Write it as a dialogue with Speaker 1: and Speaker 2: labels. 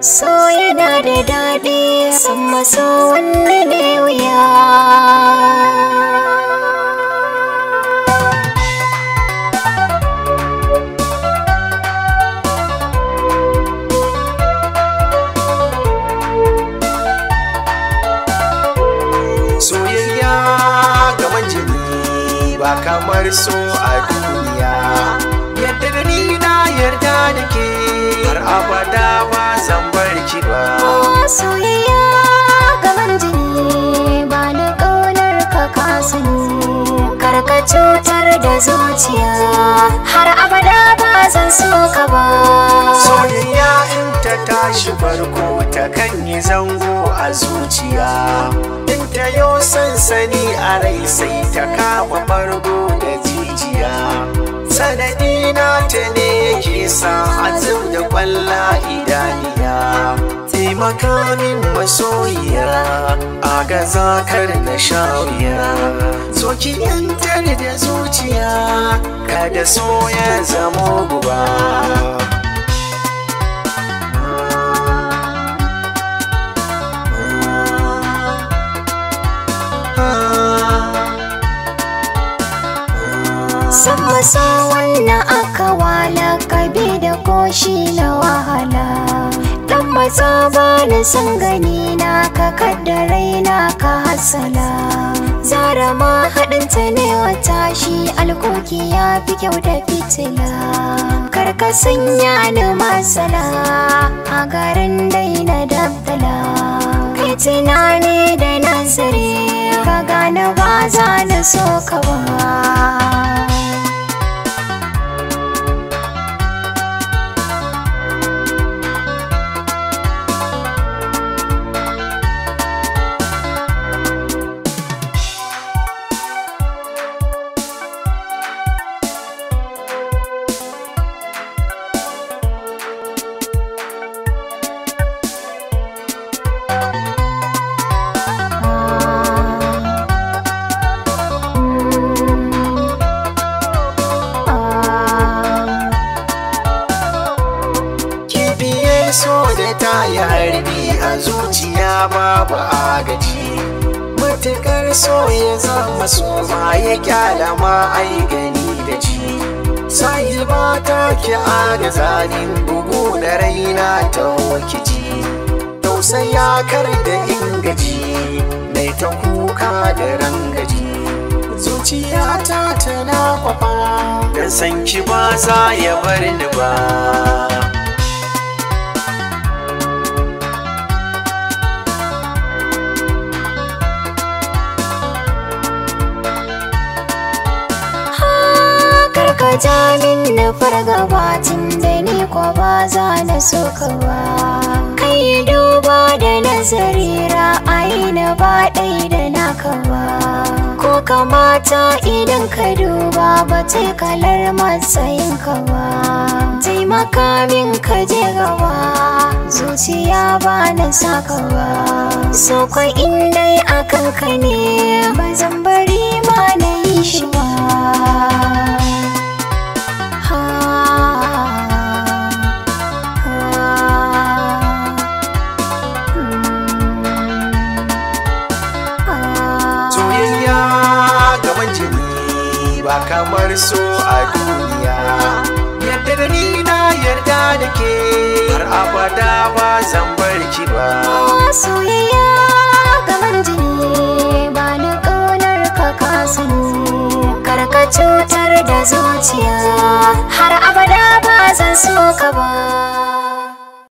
Speaker 1: so yana da daɗi san so wanne ne wuya soyayya kamar jini ba kamar so a duniya yadda da ni na yarda da ke har abada ba san barci ba soyayya gaban jini ba na ƙaunar ka kasani karka cutar da zuciya har abada ba zan so ka ba soyayya in ta tashi farko ta kan yi zango a zuciya in ta yo sansani a rai sai ta kama fargo da jijiya sanadi na ta ne ke sa azum da kwalla idaniya taimaka min masoyiya a ga zakar na sha wuya da zuciya kada so ya shi na wahala dan maza ba na san gani na ka kadda na ka hasala zara ma ta ne wata shi alkoki ya fi kyau da fitila karka ya ni masala a garin na daina Kai tunani da nazari ka gane ba za na so ka ba karfi a zuciya babu agaji Matukar so ya zama soma ya kyala ma ai gani da ji sai ba ta ki aga zalin bugu da raina ta wakiji tausaya kar da ingaji mai ta kuka da rangaji zuciyata tana kwafa da sanki ba za ya bar ni ba ka na fargaba tun da ni ko ba za na so ka ba kai duba da nazarira ra'ayi na ba ɗai da naka ba ko kamata idan ka duba ba ta kalar matsayinka ba taimaka makamin ka je gaba zuciya ba na saka ba so kwa indai akan ka ne ba kamar so a duniya yarda da ni na yarda da ke har abada ba zan bar ki ba soyayya gaban jini ba ni ƙaunar ka kasani kar ka cutar da zuciya har abada ba zan so ka ba